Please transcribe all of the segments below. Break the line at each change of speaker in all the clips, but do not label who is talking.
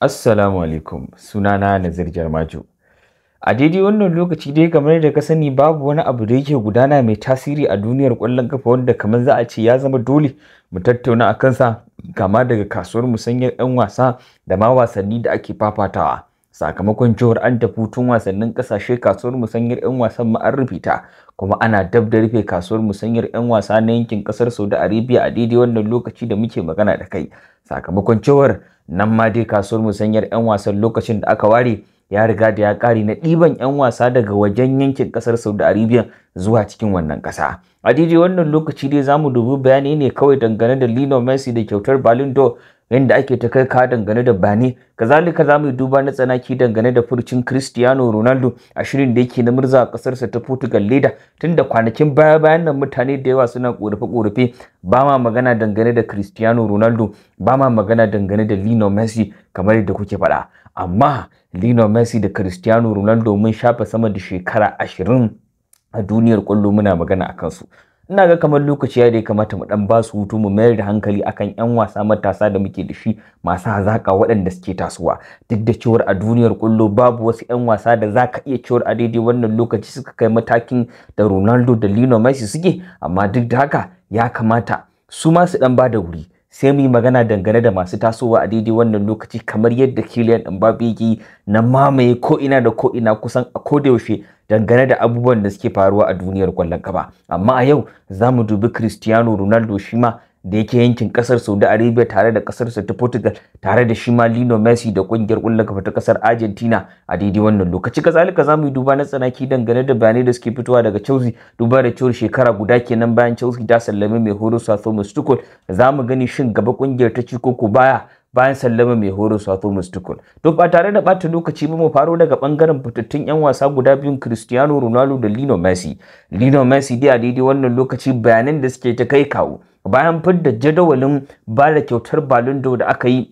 Assalamu alaikum sunana Nazir Jarmaju. A daidai wannan lokaci dai kamar da ka sani babu wani abu da yake gudana mai tasiri a duniyar kwallon kafa wanda kamar za a ce ya zama dole mu tattauna a kansa kama daga kasuwar musanyar 'yan wasa da ma wasanni da ake fafatawa. sakamakon jihar an tafi hutun wasannin kasashe kasuwar musanyar 'yan wasan ma'arrufita, kuma ana dab da rufe kasuwar musanyar 'yan wasa na yankin kasar saudi arabia a daidai wannan lokaci da muke magana da kai sakamakon cewar nan ma dai kasuwar musanyar 'yan wasan lokacin da aka ware ya riga da ya kare na ɗiban 'yan wasa daga wajen yankin kasar saudi arabia zuwa cikin wannan ƙasa. a daidai wannan lokaci dai za mu dubi bayani ne kawai dangane da Lino messi da kyautar ballon d'or Yanda ake ta kai ka dangane da bane kazalika za mu yi duba na tsanaki dangane da furcin cristiano ronaldo a shirin da yake na murza a kasarsa ta portugal leda tunda kwanakin baya bayan nan mutane da yawa suna korafe korafe ba ma magana dangane da cristiano ronaldo ba ma magana dangane da Lino messi kamar yadda kuke faɗa amma Lino messi da cristiano ronaldo mun shafe sama da shekara ashirin a duniyar kwallo muna magana a kansu ina ga kamar lokaci ya da ya kamata mu dan ba su hutu mu mayar da hankali akan yan wasa matasa da muke da shi masu hazaka waɗanda suke tasowa duk da cewar a duniyar kullo babu wasu yan wasa da za ka iya cewar a daidai wannan lokaci suka kai matakin da Ronaldo da Lionel Messi suke amma duk da haka ya kamata su ma su dan ba da wuri sai mu yi magana dangane da masu tasowa a daidai wannan lokaci kamar yadda Kylian Mbappe yake na mamaye ko ina da ko ina kusan a koda yaushe dangane da abubuwan da suke faruwa a duniyar kwallon kafa amma a yau za mu dubi Cristiano Ronaldo shima. da yake yankin kasar Saudi Arabia tare da kasarsa ta Portugal tare da shi ma Lino Messi da kungiyar kullun kafa ta kasar Argentina a daidai wannan lokaci kazalika zamu yi duba na tsanaki dangane da bayanai da suke fitowa daga Chelsea duba da cewa shekara guda kenan bayan Chelsea ta sallame mai horo Thomas Tuchel zamu gani shin gaba kungiyar ta ci koko baya bayan sallama mai horo Sato Tuchel To ba tare da bata lokaci ba mu faro daga bangaren fitattun 'yan wasa guda biyun Cristiano Ronaldo da Lino Messi. Lino Messi dai a daidai wannan lokaci bayanan da suke ta kai kawo bayan fidda jadawalin ba da kyautar Ballon da aka yi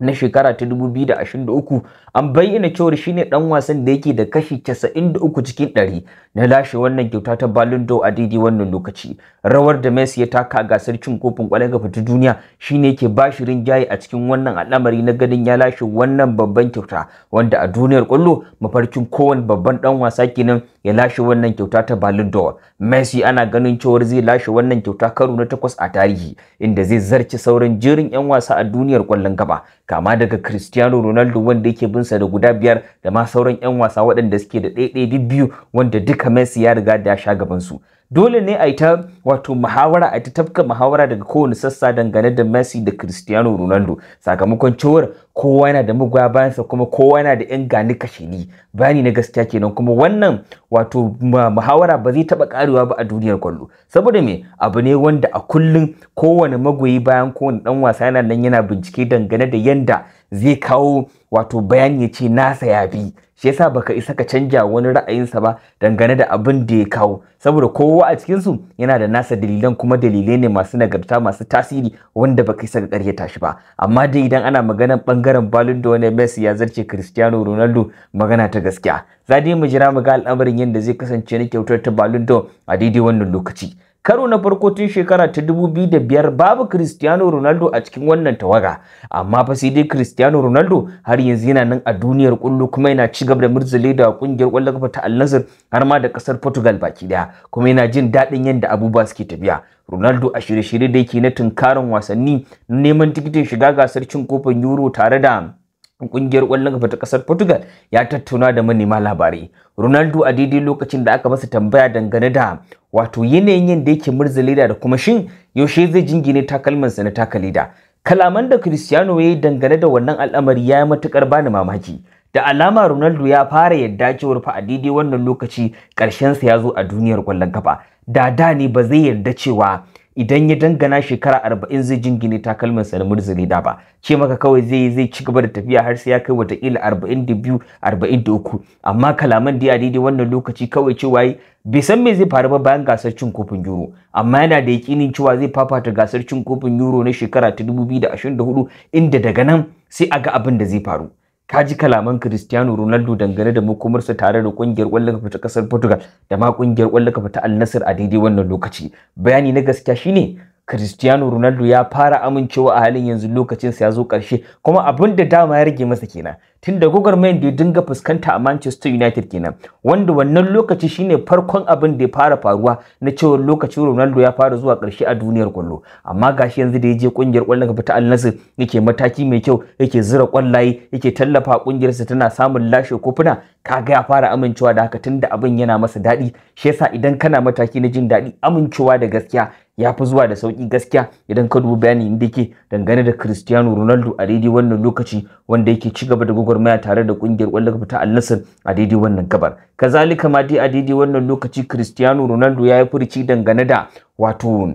na shekara ta 2023 an bayyana cewar shine ɗan wasan da yake da kashi 93 cikin 100 na lashe wannan kyauta ta Ballon d'Or a daidai wannan lokaci rawar da Messi ya taka a gasar cin kofin kwallon kafa ta duniya shine yake ba bashi rinjaye a cikin wannan al'amari na ganin ya lashe wannan babban kyauta wanda a duniyar kwallo mafarkin kowane babban dan wasa kenan ya lashe wannan kyauta ta Ballon d'Or. Messi ana ganin cewar zai lashe wannan kyauta karo na takwas a tarihi inda zai zarce sauran jerin 'yan wasa a duniyar kwallon gaba kama daga Cristiano Ronaldo wanda yake binsa da guda biyar da ma sauran 'yan wasa waɗanda suke da ɗaiɗai biyu wanda duka Messi ya riga da ya sha gabansu. dole ne a yi ta wato muhawara a ta tafka muhawara daga kowane sassa dangane da Messi da Cristiano Ronaldo sakamakon cewar kowa yana da mugwa bayansa kuma kowa yana da yan gani ni bayani na gaskiya kenan kuma wannan wato muhawara ba zai taba karewa ba a duniyar kwallo saboda me abu ne wanda a kullun kowane magoyi bayan kowane dan wasa yana nan yana bincike dangane da yanda zai kawo wato bayani ya ce nasa ya bi shi yasa baka isa ka canja wani ra'ayinsa ba dangane da abin da ya kawo saboda kowa a cikinsu yana da nasa dalilan kuma dalilai ne masu nagarta masu tasiri wanda baka isa ka karyata shi ba amma dai idan ana maganar bangaren balon da wani Messi ya zarce Cristiano Ronaldo magana ta gaskiya za dai mu jira mu ga al'amarin yadda zai kasance na kyautar ta balon a daidai wannan lokaci karo na farko tun shekara ta 2005 babu Cristiano Ronaldo a cikin wannan tawaga amma fa sai dai Cristiano Ronaldo har yanzu yana nan a duniyar kullu kuma yana ci gaba da murzule da kungiyar kwallon kafa ta Al Nassr har ma da kasar Portugal baki daya kuma yana jin daɗin yadda abubuwa suke tafiya Ronaldo a shirye-shirye da yake na tunkarin wasanni neman tikitin shiga gasar cin kofin Euro tare da kungiyar kwallon kafa ta kasar Portugal ya tattauna da manema labarai. Ronaldo a daidai lokacin da aka masa tambaya dangane da wato yanayin yin da yake murza leda da kuma shin yaushe zai jingine takalmansa na taka leda. Kalaman da Cristiano ya yi dangane da wannan al'amari ya yi matuƙar bani mamaki. Da alama Ronaldo ya fara yadda cewar fa a daidai wannan lokaci ƙarshensa ya zo a duniyar kwallon kafa. da da ne ba zai yarda cewa idan ya dangana shekara arba'in zai jingine takalmin sa na da ba ce maka kawai zai zai ci gaba da tafiya har sai ya kai watakila arba'in da biyu arba'in da uku amma kalaman da daidai wannan lokaci kawai cewa bai san me zai faru ba bayan gasar cin kofin euro amma yana da yakinin cewa zai fafata gasar cin kofin euro na shekara ta dubu biyu da da ashirin hudu inda daga nan sai a ga abin da zai faru ka ji kalaman Cristiano Ronaldo dangane da makomarsa tare da kungiyar ƙwallon kafa ta ƙasar Portugal da ma kungiyar ƙwallon kafa ta Al Nassr a daidai wannan lokaci bayani na gaskiya shine Cristiano Ronaldo ya fara amincewa a halin yanzu lokacinsa ya zo ƙarshe kuma abin da dama ya rage masa kenan tun da gwagwarmayar da ya dinga fuskanta a Manchester United kenan wanda wannan lokaci shine farkon abin da ya fara faruwa na cewa lokacin Ronaldo ya fara zuwa ƙarshe a duniyar kwallo amma gashi yanzu da ya je kungiyar kwallon ka ta Al Nassr yake mataki mai kyau yake zura kwallaye yake tallafa kungiyarsa tana samun lashe kofuna kaga ya fara amincewa da haka tunda abin yana masa daɗi shi yasa idan kana mataki na jin daɗi amincewa da gaskiya ya fi zuwa da sauki gaskiya idan ka dubi bayani da yake dangane da Cristiano Ronaldo a daidai wannan lokaci wanda yake ci gaba da gwagwarmaya tare da kungiyar ƙwallon kafa ta Al Nassr a daidai wannan gabar. Kazalika ma dai a daidai wannan lokaci Cristiano Ronaldo ya yi furici dangane da wato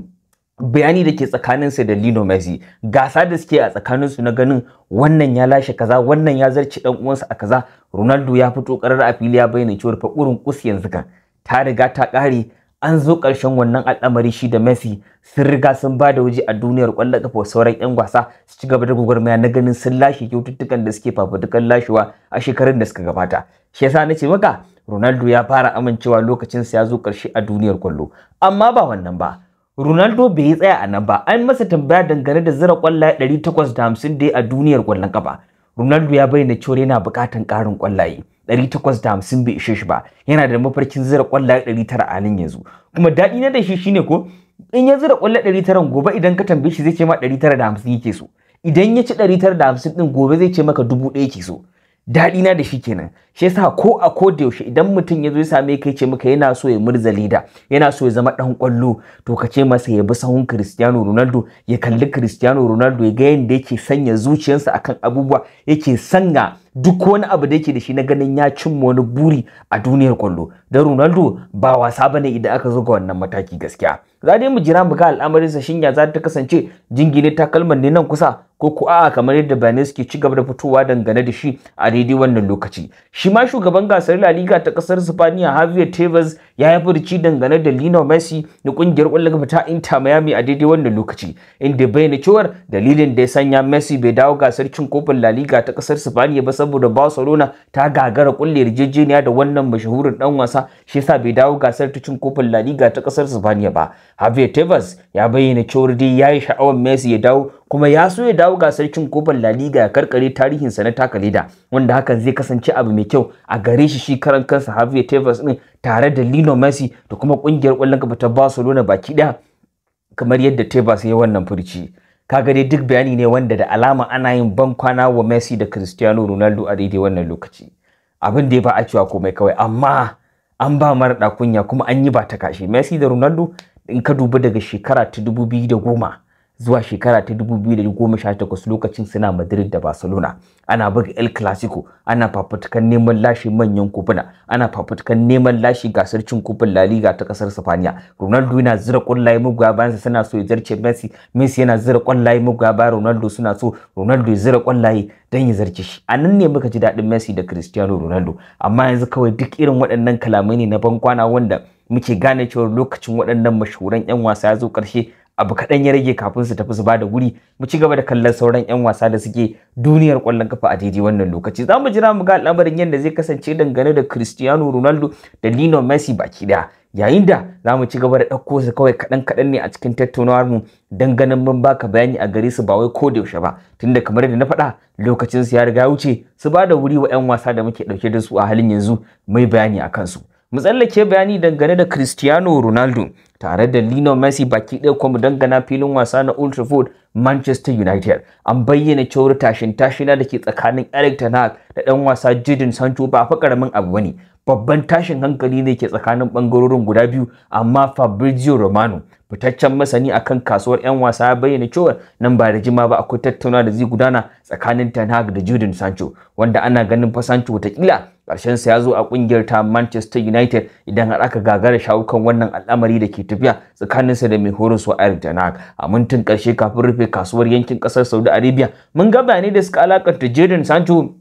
bayani da ke tsakaninsa da Lino Messi gasa da suke a tsakaninsu na ganin wannan ya lashe kaza wannan ya zarce dan uwansa a kaza Ronaldo ya fito karar a fili ya bayyana cewa fa kurin kus yanzu kan ta riga ta kare an zo ƙarshen wannan al'amari shi da Messi sun riga sun ba da waje a duniyar ƙwallon kafa sauran 'yan wasa su ci gaba da gwagwarmaya na ganin sun lashe kyaututtukan da suke fafutukan lashewa a shekarun da suka gabata shi yasa na ce maka Ronaldo ya fara amincewa lokacin sa ya zo ƙarshe a duniyar kwallo amma ba wannan ba Ronaldo bai yi tsaya a nan ba an masa tambaya dangane da zira ƙwallaye 850 da a duniyar ƙwallon kafa Ronaldo ya bayyana cewa yana buƙatar ƙarin ƙwallaye 850 bai ishe shi ba yana da mafarkin zira kwalla 900 a nan yanzu kuma daɗi na da shi shine ko in ya zira kwalla 900 gobe idan ka tambaye shi zai ce ma 950 yake so idan ya ci 950 din gobe zai ce maka 1000 yake so daɗi na da shi kenan shi yasa ko a ko da yaushe idan mutum ya zo ya same ka ce maka yana so ya murza leda yana so ya zama ɗan ƙwallo to ka ce masa ya bi sahun Cristiano Ronaldo ya kalli Cristiano Ronaldo ya ga yadda yake sanya zuciyarsa akan abubuwa yake sanya duk wani abu da yake da shi na ganin ya cimma wani buri a duniyar ƙwallo don Ronaldo ba wasa bane idan aka zo ga wannan mataki gaskiya za dai mu jira mu ga al'amarin sa shinya za ta kasance jingine takalman ne nan kusa ko ku a'a kamar yadda bayanai suke ci gaba da fitowa dangane da shi a daidai wannan lokaci shi ma shugaban gasar La Liga ta kasar Spaniya Javier Tebas ya yi furuci dangane da Lionel Messi na kungiyar kwallon kafa ta Inter Miami a daidai wannan lokaci inda bayyana cewa dalilin da ya sanya Messi bai dawo gasar cin kofin La Liga ta kasar Spaniya ba saboda Barcelona ta gagara kulle yarjejeniya da wannan mashahurin dan wasa shi yasa bai dawo gasar ta cin kofin La Liga ta kasar Spaniya ba Javier Tebas ya bayyana cewa dai ya yi sha'awar Messi ya dawo kuma ya so ya dawo gasar cin kofar La Liga ya karkare tarihin sa na taka leda wanda hakan zai kasance abu mai kyau a gare shi shi karan kansa Javier Tebas din tare da Lionel Messi da kuma kungiyar kwallon kafa ta Barcelona baki daya. kamar yadda Tebas ya wannan furci. kaga dai duk bayani ne wanda da alama ana yin ban kwana wa Messi da Cristiano Ronaldo a daidai wannan lokaci abin da ya ba a cewa komai kawai amma an ba mara kunya kuma an yi ba ta kashi Messi da Ronaldo in ka duba daga shekara ta dubu biyu da goma, zuwa shekara ta dubu biyu da goma sha takwas lokacin suna Madrid da Barcelona ana buga El Clasico ana fafutukan neman lashe manyan kofuna ana fafutukan neman lashe gasar cin kofin La Liga ta kasar Spaniya Ronaldo yana zira kwallaye muga bayan suna so ya zarce Messi Messi yana zira kwallaye muga bayan Ronaldo suna so Ronaldo ya zira kwallaye dan ya zarce shi a nan ne muka ji daɗin Messi da Cristiano Ronaldo amma yanzu kawai duk irin waɗannan kalamai ne na bankwana wanda muke gane cewa lokacin waɗannan mashuran 'yan wasa ya zo ƙarshe abu kaɗan ya rage kafin su tafi su ba da wuri mu ci gaba da kallon sauran 'yan wasa da suke duniyar ƙwallon kafa a daidai wannan lokaci za mu jira mu ga al'amarin yadda zai kasance dangane da cristiano ronaldo da lino messi baki ɗaya yayin da za mu ci gaba da ɗauko su kawai kaɗan kaɗan ne a cikin tattaunawar mu don ganin mun baka bayani a gare su ba wai ko da yaushe ba tunda kamar da na faɗa lokacin su ya riga wuce su ba da wuri wa 'yan wasa da muke ɗauke da su a halin yanzu mai bayani a kansu mu tsallake bayani dangane da Cristiano Ronaldo tare da Lionel Messi baki ɗaya kuma dangana filin wasa na Old Trafford Manchester United an bayyana cewar tashin tashina da ke tsakanin Eric Ten Hag da ɗan wasa Jadon Sancho ba fa karamin abu bane babban tashin hankali ne ke tsakanin ɓangarorin guda biyu amma Fabrizio Romano fitaccen masani akan kasuwar 'yan wasa ya bayyana cewa nan ba da jima ba akwai tattauna da zai gudana tsakanin Ten Hag da Jude Sancho wanda ana ganin fa Sancho watakila karshen sa ya zo a ƙungiyar ta Manchester United idan har aka gagara shawukan wannan al'amari da ke tafiya tsakanin sa da mai horon su Erik Ten Hag a mintin karshe kafin rufe kasuwar yankin ƙasar Saudi Arabia mun ga bayanai da suka alakanta Jude Sancho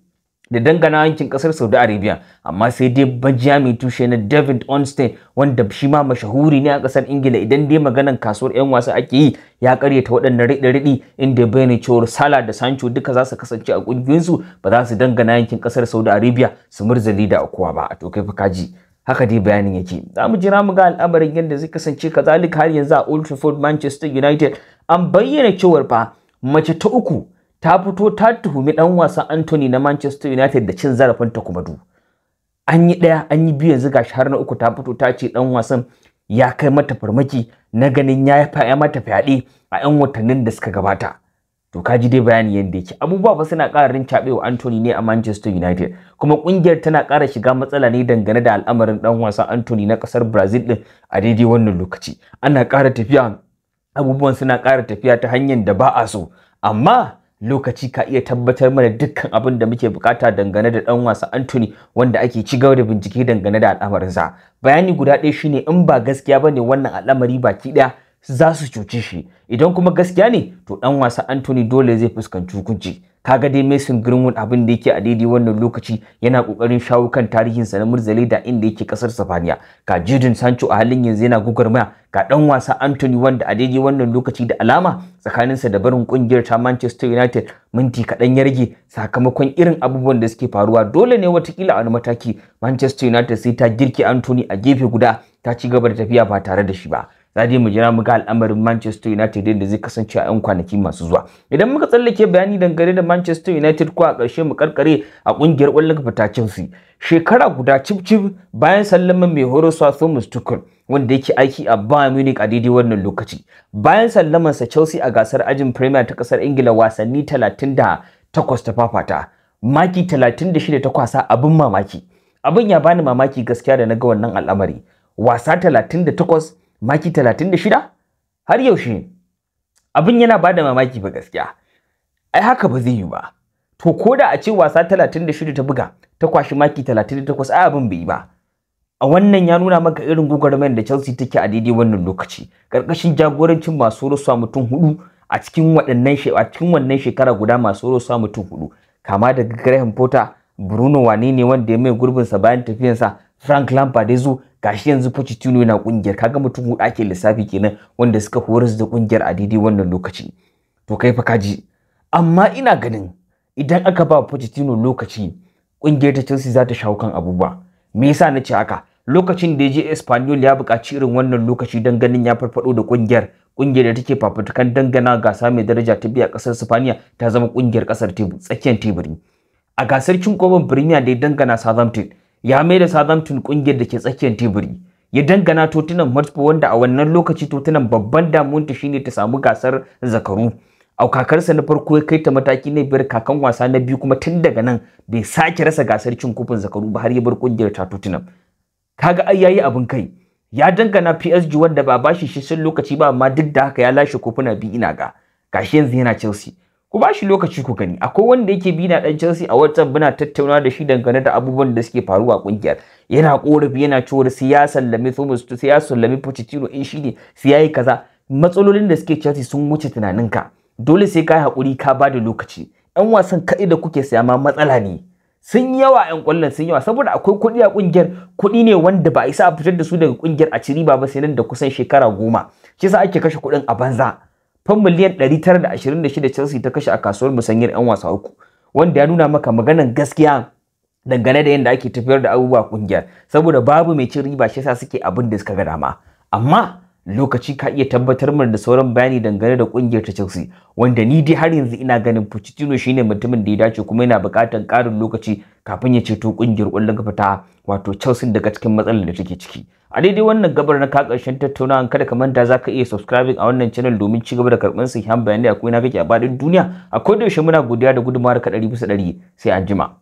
da dangana yankin kasar Saudi Arabia amma sai dai mai tushe na David Onstein wanda shi ma mashahuri ne a kasar Ingila idan dai maganar kasuwar 'yan wasa ake yi ya karyata waɗannan riɗi-riɗi inda bayani cewar Sala da Sancho duka za su kasance a ƙungiyoyinsu ba za su dangana yankin kasar Saudi Arabia su murzali da akuwa ba a to kai fa kaji haka dai bayanin yake za mu jira mu ga al'amarin yadda zai kasance kazalika har yanzu a Old Trafford Manchester United an bayyana cewar fa mace ta uku ta fito ta tuhumi dan wasan Anthony na Manchester United da cin zarafin ta kuma du an yi daya an yi biyu yanzu gashi har na uku ta fito ta ce dan wasan ya kai mata farmaki na ganin ya yi ya mata fyaɗe a 'yan watannin da suka gabata to ka ji dai bayani yadda yake abubuwa ba suna ƙara rincaɓewa Anthony ne a Manchester United kuma ƙungiyar tana ƙara shiga matsala ne dangane da al'amarin ɗan wasan Anthony na ƙasar Brazil ɗin a daidai wannan lokaci ana ƙara tafiya abubuwan suna ƙara tafiya ta hanyar da ba a so amma lokaci ka iya tabbatar mana dukkan abin da muke bukata dangane da dan wasa Anthony wanda ake ci gaba da bincike dangane da al'amarinsa. Bayani guda ɗaya shine in ba gaskiya bane wannan al'amari baki ɗaya za su cuci shi idan kuma gaskiya ne to dan wasa Anthony dole zai fuskanci hukunci kaga dai Mason Greenwood abin da yake a daidai wannan lokaci yana kokarin shawo kan tarihin sa na murzale da inda yake kasar Safaniya ga Jadon Sancho a halin yanzu yana maya, ga dan wasa Anthony wanda a daidai wannan lokaci da alama tsakaninsa da barin kungiyar ta Manchester United minti kaɗan ya rage sakamakon irin abubuwan da suke faruwa dole ne watakila a wani mataki Manchester United sai ta girke Anthony a gefe guda ta ci gaba da tafiya ba tare da shi ba za mu jira mu ga al'amarin Manchester United da zai kasance a 'yan kwanaki masu zuwa. Idan muka tsallake bayani dangane da Manchester United ko a ƙarshe mu karkare a ƙungiyar ƙwallon kafa ta Chelsea. Shekara guda cif bayan sallaman mai horo sa Thomas Tuchel wanda yake aiki a Bayern Munich a daidai wannan lokaci. Bayan sallaman sa Chelsea a gasar ajin Premier ta ƙasar Ingila wasanni 38 ta fafata. Maki 36 ta kwasa abin mamaki. Abin ya bani mamaki gaskiya da na ga wannan al'amari. Wasa 38 maki 36 har yaushe abin yana bada mamaki ba gaskiya ai haka ba zai yi ba to ko da a ce wasa 36 ta buga ta kwashi maki 38 ai abin bai ba a wannan ya nuna maka irin gugurmen da Chelsea take a daidai wannan lokaci karkashin jagorancin masu rusa mutum hudu a cikin waɗannan a cikin wannan shekara guda masu rusa mutum hudu kama daga Graham Potter Bruno wane ne wanda ya mai gurbin sa bayan tafiyarsa Frank Lampard ya zo gashi yanzu Pochettino yana kungiyar kaga mutum hudu ake lissafi kenan wanda suka horas da kungiyar a daidai wannan lokaci to kai fa kaji amma ina ganin idan aka ba Pochettino lokaci kungiyar ta Chelsea za ta shawo kan abubuwa me yasa na ce haka lokacin da ya je Espanyol ya buƙaci irin wannan lokaci dan ganin ya farfado da kungiyar kungiyar da take fafutukan dangana gasa mai daraja ta biya kasar Spaniya ta zama kungiyar kasar tebur tsakiyar teburi a gasar cin kofin Premier da ya dangana Southampton ya mai da Southampton kungiyar da ke tsakiyar teburi ya dangana Tottenham Hotspur wanda a wannan lokaci Tottenham babban ta shine ta samu gasar zakaru a kakarsa na farko ya kai ta mataki na biyar kakan wasa na biyu kuma tun daga nan bai sake rasa gasar cin kofin zakaru ba har ya bar kungiyar ta Tottenham kaga ai yayi abin kai ya dangana PSG wanda ba bashi shi sun lokaci ba amma duk da haka ya lashe kofuna biyu ina ga gashi yanzu yana Chelsea ku ba shi lokaci ku gani akwai wanda yake bi na dan Chelsea a WhatsApp muna tattauna da shi dangane da abubuwan da suke faruwa kungiyar yana korafi yana cewa ya sallame Thomas ya sallame Pochettino in eh, shi ne yayi kaza matsalolin da suke Chelsea sun wuce tunaninka dole sai ka hakuri ka ba da lokaci yan wasan kaɗai da kuke saya ma matsala ne sun yawa yan kwallon sun yawa saboda akwai kuɗi a kungiyar kuɗi ne wanda ba a isa a fitar da su daga kungiyar a ciri ba ba sai nan da kusan shekara goma shi yasa ake kashe kuɗin a banza fan miliyan 926 Chelsea ta kashe a kasuwar musanyar 'yan wasa uku wanda ya nuna maka maganan gaskiya dangane da yadda ake tafiyar da abubuwa kungiyar saboda babu mai cin riba shi yasa suke abin da suka ga dama amma lokaci ka iya tabbatar mana da sauran bayani dangane da kungiyar ta Chelsea wanda ni dai har yanzu ina ganin Pochettino shine mutumin da ya dace kuma yana buƙatar ƙarin lokaci kafin ya ceto kungiyar ƙwallon kafa ta wato Chelsea daga cikin matsalar da take ciki a daidai wannan gabar na ka karshen kada ka manta zaka iya subscribing a wannan channel domin ci gaba da karɓar sahihan bayanai akwai na kake a badin duniya a kodayaushe muna godiya da gudunmawar ka ɗari bisa ɗari sai anjima.